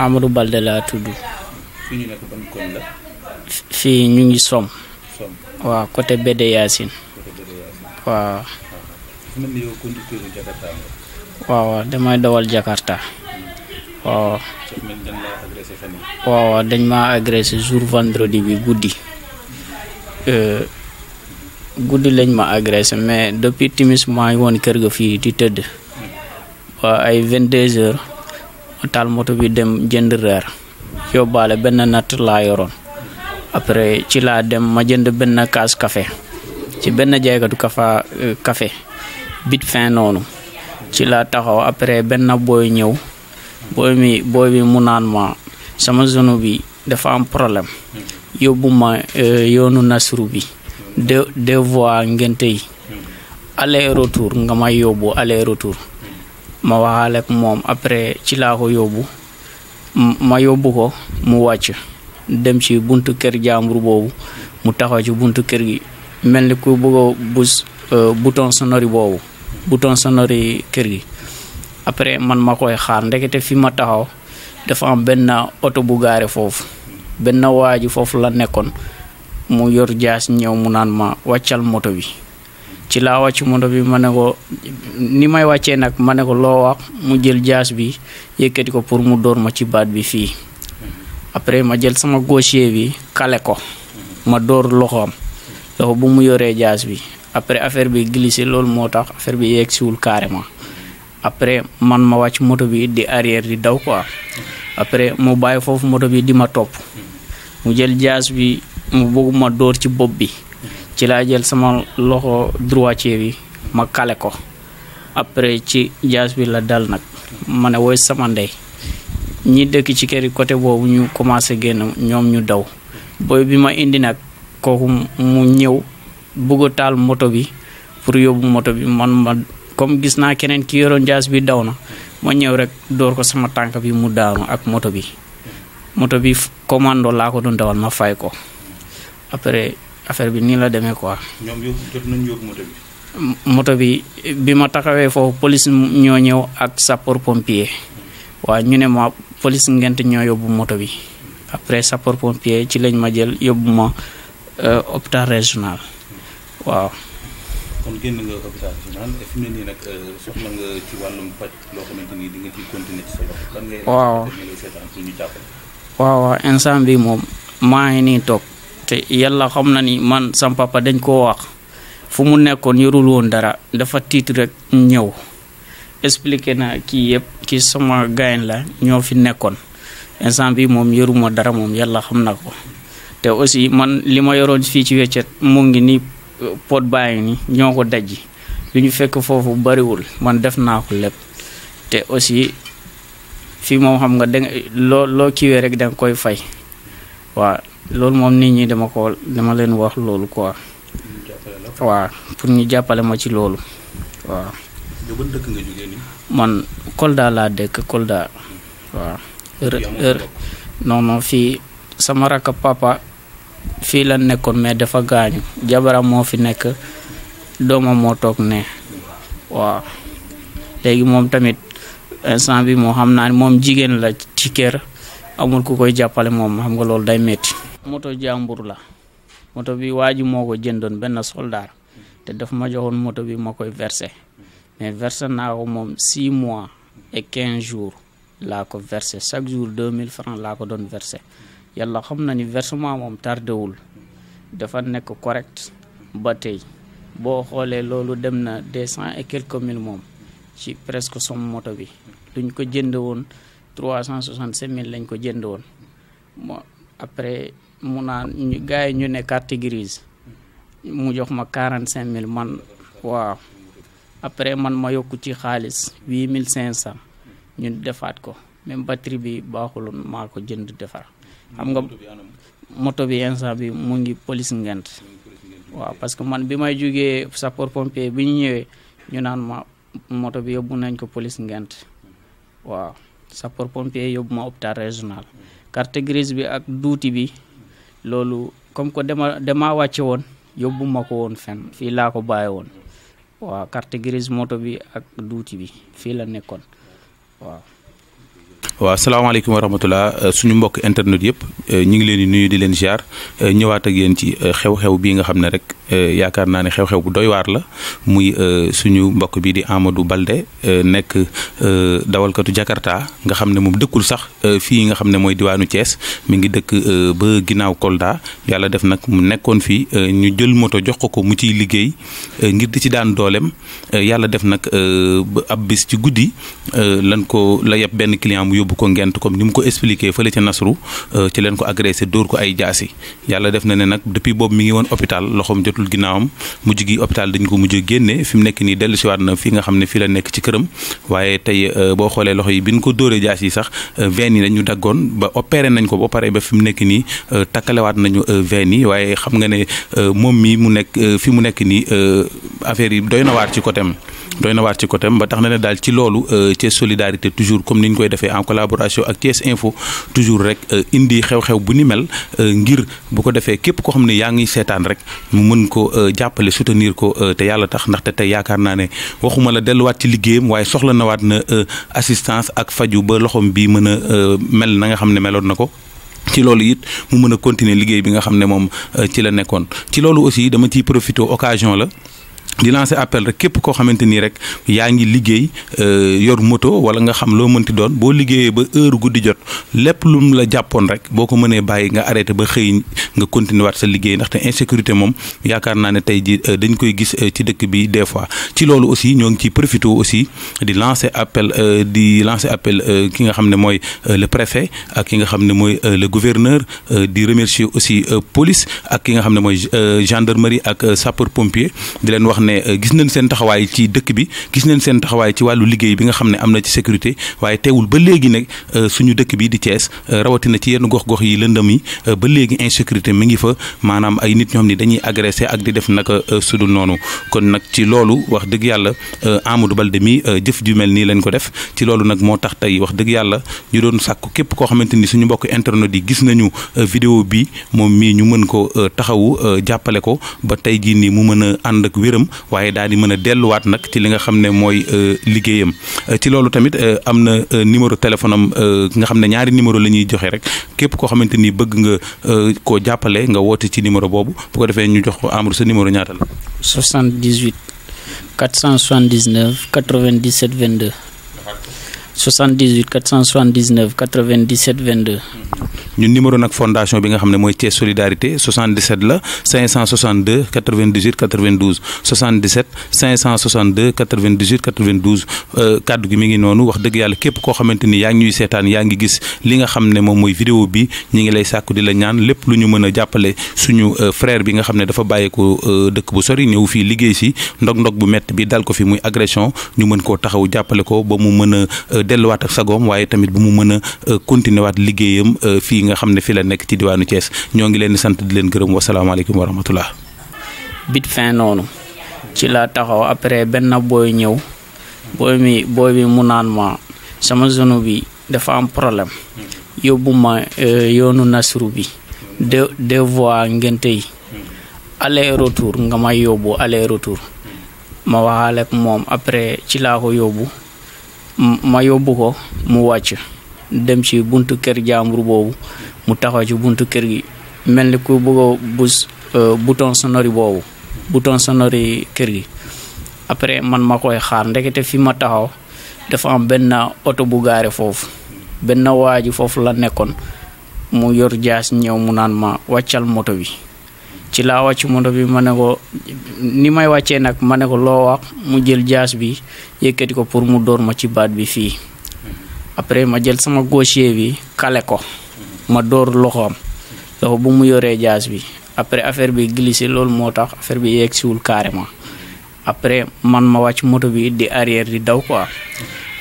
Amadou Balde laa tudd. fii ñu fii ñu ngi som waaw côté Bédé Yacine. waaw. damay dawal Jakarta. waaw. waaw dañ ma agressé jour vendredi bi guddi. Euh, lañ ma agressé mais depuis timis maa ngi kër ga fii di tëdd. Hmm. waa ay 22 heures. taal moto bi dem jënd reer yóbbaale benn natt laa yoroon après ci laa dem ma jënd benn kaas café ci benn jaaykatu kafa euh, café bit fin noonu ci laa taxaw après benn booy ñëw booy bi mu naan ma sama zone bi dafa am problème yóbbu ma euh, yoonu nasru bi de retour nga may yóbbu aller retour ma waxaale ak moom après ci laa ko yóbbu ma yóbbu ko mu wàcc dem ci buntu kër jàmbur boobu mu taxaw ci buntu kër gi mel ni ku bëgg a bus euh, bouton sonori boobu bouton sonori kër gi après man ma koy xaar ndekete fi ma taxaw dafa am oto bu gaare foofu benn waa ji foofu la nekkoon mu yor jaas ñëw mu naan ma wàccal moto bi ci laa wàcc moto bi ma ne ko ni may wàccee nag ma ne ko loo wax mu jël jaas bi yëkkati ko pour mu dóor ma ci baat bi fii après ma jël sama gaucher bi kale ko ma dóor loxoom loxo bu mu yoree jaas bi après affaire bi glissé loolu moo tax affaire bi yeggsiwul carrément après man ma wàcc moto bi di arrière di daw quoi après mu bàyyi foofu moto bi di ma topp mu jël jaas bi mu bëgg ma dóor ci bopp bi ci laa jël sama loxo droitier bi ma kale ko après ci jaas bi la dal nag ma ne woy sama ndey ñi dëkk ci kër yi côté boobu ñu commencé génn ñoom ñu daw booy bi ma indi nag kooku mu ñëw bëgg a taal moto bi pour yóbbu moto bi man ma comme gis naa keneen ki yoroon jaas bi daw na ma ñëw rek door ko sama tànk bi mu daanu ak moto bi moto bi commando laa ko doon dawal ma fay ko après affaire bi nii la demee quoi. ñoom moto bi. bi ma taxawee foofu police ñoo ñëw ak sapeur pompier waaw ñu ne ma police ngent ñoo yóbbu moto bi après sapeur pompier ci lañ ma jël yóbbu ma euh, hôpital régional waaw. nag euh, soxla nga ci waaw waaw instant bi moom maa ngi nii toog. ndaxte yàlla xam na ni man sam dañ koo wax fu mu nekkoon yorul woon dara dafa tiit rek ñëw expliqué naa kii yëpp ki sama gayen la ñoo fi nekkoon instant bi moom yoruma dara moom yàlla xam na ko te aussi man li ma yoroon fii ci weccet mu ngi ni pot bàyyi ni ñoo ko dajji lu ñu fekk foofu bariwul man def naa ko lépp te aussi fi moom xam nga danga loo loo kiiwee rek danga koy fay waaw loolu moom nit ñi dama ko dama leen wax loolu quoi. waaw pour ñu jàppale ma ci loolu waaw. yow ban dëkk nga jógee nii. man Kolda laa dëkk Kolda waaw. heure non non fii sama rakk papa fii la nekkoon mais dafa gaañu jabaram moo fi nekk doomam moo toog ne waaw léegi moom tamit instant bi moo xam naa ne moom jigéen la ci kër amul ku koy jàppale moom xam nga loolu day metti moto jàmbur la moto bi waa ji moo ko jëndoon benn soldaar te daf ma joxoon moto bi ma koy versé mais versé naa ko moom six mois et quinze jours laa ko versé chaque jour deux mille francs laa ko doon versé yàlla xam na ni versement moom tardewul dafa nekk correct ba tey boo xoolee loolu dem na deux cent et quelques mille moom ci presque somme moto bi luñ ko jënd woon trois cent soixante-cinq mille lañ ko jënd woon après mu naan ñu gars yi ñu ne carte grise mu jox ma quarante cinq mille man waaw après man ma yokku ci xaalis huit mille cinq cent ñu defaat ko même batterie bi baaxul maa ko jënd defar xam nga moto bi instant bi mu ngi police ngent waaw parce que man bi may jógee sapeur pompier bi ñu ñëwee ñu naan ma moto bi yóbbu nañ ko police ngent waaw sapeur pompier yóbbu ma hôpital régional mm. carte grise bi ak duuti bi loolu comme que dema dama wàcce woon yóbbuma ko woon fen fii laa ko bàyyi woon waaw carte grise moto bi ak duuti bi fii la nekkoon waaw. waaw salaamaaleykum wa rahmatulah euh, suñu mbokk internet yëpp euh, ñu ngi leen di nuyu di leen ziar euh, ñëwaat ak yéen ci xew-xew bii nga xam ne rek. Euh, yaakaar naa ne xew-xew bu doy waar la muy euh, suñu mbokk bi di Amadou Balde euh, nekk dawalkatu Jakarta nga xam ne moom dëkkul sax fii nga xam ne mooy diwaanu cees mi ngi dëkk ba ginnaaw Kolda yàlla def nag mu nekkoon fii ñu jël moto jox ko ko mu ciy liggéey ngir di ci daan dooleem yàlla def nag ab bis ci guddi lan ko la yeb benn client mu yóbbu ko ngent comme ni mu ko expliqué fële ca Nasru ci leen ko agressé dóor ko ay jaasi yàlla def na ne nag depuis boobu mu ngi woon hôpital loxoom jot nekkatul ginnaawam mujj gi hôpital dañ ko mujj génne fi mu nekk nii dellu siwaat na fi nga xam ne fi la nekk ci këram waaye tey euh, boo xoolee loxo yi bi ñu ko dóoree jaas yi sax euh, veine yi dañu daggoon ba opéré nañ ko ba opéré ba fi mu nekk nii euh, takkalewaat nañu veine yi waaye xam nga ne moom mii mu nekk fi mu nekk nii affaire yi doy na waar ci côté am doy na waar ci côté ba tax na ne daal ci loolu Thiès euh, solidarité toujours comme ni ñu koy defee en collaboration ak Thiès info toujours rek euh, indi xew-xew bu ni mel euh, ngir bu ko defee képp koo xam ne yaa ngi seetaan rek mu mën ko jàppale soutenir ko te yàlla tax ndaxte tey yaakaar naa ne waxuma la delluwaat ci liggéeyam waaye soxla na waat na assistance ak faju ba loxoom bi mën a mel nanga xam ne meloon na ko ci loolu it mu mën a continuer liggéey bi nga xam ne moom ci la nekkoon ci loolu aussi dama ciy profité occasion la di lancer appel rek képp koo xamante nii rek yaa ngi liggéey euh, yor moto wala nga xam loo mënti doon boo liggéeyee ba heure guddi jot lépp lum la jàppoon rek boo ko mënee bàyyi nga arrêté ba xëy nga continuer waat sa liggéey ndaxte insécurité moom yaakaar naa ne tey ji euh, dañ koy gis euh, ci dëkk bi des fois ci loolu aussi ñoo ngi ciy profité aussi di lancer appel di lancer appel ki nga xam ne mooy le préfet ak ki nga xam ne mooy le gouverneur di remercier aussi police ak ki nga xam ne mooy gendarmerie ak sapeur pompier di leen ne euh, gis nañ seen taxawaay ci dëkk bi gis nañ seen taxawaay ci wàllu liggéey bi nga xam ne am na ci sécurité waaye teewul ba léegi nag euh, suñu dëkk bi di Thiès euh, rawatina ci yenn gox-gox yi lëndëm yi ba léegi insécurité mi ngi fa maanaam ay nit ñoom ni dañuy agressé ak di def naka sudul noonu kon nag ci loolu wax dëgg yàlla Amadou Balde mi jëf ju mel nii lañ ko def ci loolu nag moo tax tey wax dëgg yàlla ñu doon sàkk képp koo xamante ni suñu mbokk internet yi gis nañu vidéo bi moom mii ñu mën ko taxawu jàppale ko ànd ak wéram waaye daal di mën a delluwaat nag ci li nga xam ne mooy euh, liggéeyam euh, ci loolu tamit euh, am na numéro téléphone am nga xam ne ñaari numéro la ñuy joxe rek képp koo xamante ni bëgg nga koo jàppale nga woote ci numéro boobu bu ko defee ñu jox ko Amadou sa numéro ñaata la. 78 479 97 22. 78 479 97 22. ñun numéro nag fondation bi nga xam ne mooy Thiès solidarité 77 la 562 98 92 77 562 98 92 kaddu gi mi ngi noonu wax dëgg yàlla képp koo xamante ni yaa ngi ñuy yaa ngi gis li nga xam ne moom mooy vidéo bi ñu ngi lay sàkku di la ñaan lépp lu ñu mën a jàppale suñu euh, frère bi nga xam ne dafa bàyyeekoo euh, dëkk bu sori ñëw fii liggéey si ndog-ndog bu métti bi dal ko fi muy agression ñu mën ko taxaw jàppale ko ba mu mën a euh, delluwaat ak sagoom waaye tamit bu mu mën a continuer liggéeyam nga xam ne fii la nekk ci diwaanu Thiès ñoo ngi leen sant di leen gërëm wasalaamaaleykum wa rahmatullah. bit fin noonu ci laa taxaw après benn booy ñëw booy bi mu naan ma sama zone bi dafa am problème yóbbu ma euh, yoonu nasru bi de deux voies retour nga may yóbbu aller retour ma waxaale moom après ci laa ko yóbbu ma yóbbu ko mu wàcc. dem ci buntu kër jaambur boobu mu taxaw ci buntu kër gi mel ni ku bëgg a bus euh, bouton sonori boobu bouton sonori kër gi après man ma koy xaar ndekete fi ma taxaw dafa am benn oto bu gaare foofu benn waa ji foofu la nekkoon mu yor jaas ñëw mu naan ma wàccal moto bi ci la wàcc moto bi ma ne ko ni may wàccee nag ma ne ko loo wax mu jël jaas bi yëkkati ko pour mu dóor ma ci baat bi fii après ma jël sama gaucher bi kale ko ma dóor loxoom loxo bu mu yoree jaas bi après affaire bi glissé loolu moo tax affaire bi yeggsiwul carrément après man ma wàcc moto bi di arrière di daw quoi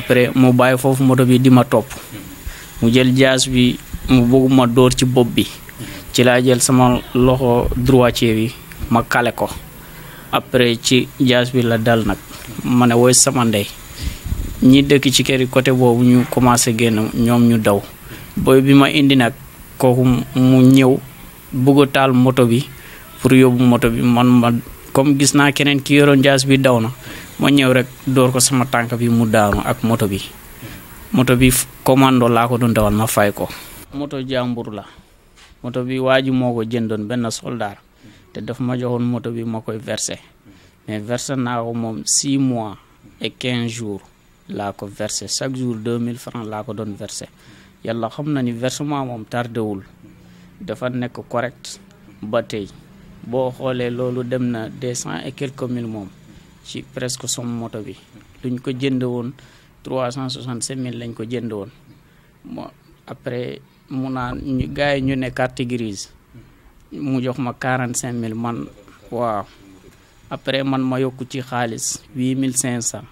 après mu bàyyi foofu moto bi di ma topp mu jël jaas bi mu bëgg ma dóor ci bopp bi ci laa jël sama loxo droitier bi ma kale ko après ci jaas bi la dal nag ma ne woy sama ndey ñi dëkk ci kër yi côté boobu ñu commencé génn ñoom ñu daw booy bi ma indi nag kooku mu ñëw bëgg a taal moto bi pour yóbbu moto bi man ma comme gis naa keneen ki yoroon bi daw na ma ñëw rek door ko sama tànk bi mu daanu ak moto bi moto bi commando laa ko doon dawal ma fay ko. moto jàmbur la moto bi waa ji moo ko jëndoon benn soldaar te def ma joxoon moto bi ma koy versé mais versé naa ko moom 6 mois et quinze jours. laa ko versé chaque jour deux mille francs laa ko doon versé yàlla xam na ni versement moom tardewul dafa nekk correct ba tey boo xoolee loolu dem na deux cent et quelques mille moom ci presque som moto bi luñ ko jënd woon trois cent soixante cinq mille lañ ko jënd woon mo après mun naan ñu gars yi ñu ne carte grise mu jox ma quarante cinq mille man waaw après man ma yokku ci xaalis huit mille cinq cent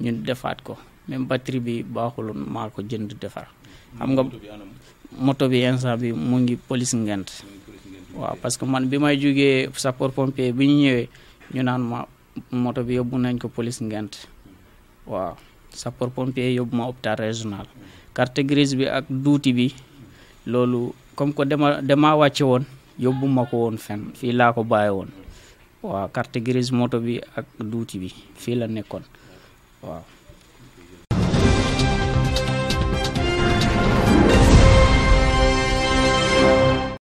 ñun defaat ko même batterie bi baaxuloon maa jënd defar. xam nga moto bi instant bi mu ngi police ngent waaw parce que man bi may jógee sapeur pompier bi ñu ñëwee ñu naan ma moto bi yóbbu nañ ko police ngent waaw sapeur pompier yóbbu ma hôpital régional carte grise bi ak duuti bi loolu comme que dema dema wàcce woon yóbbu ma ko woon fen fii laa ko bàyyi woon waaw carte grise moto bi ak duuti bi fii la nekkoon waaw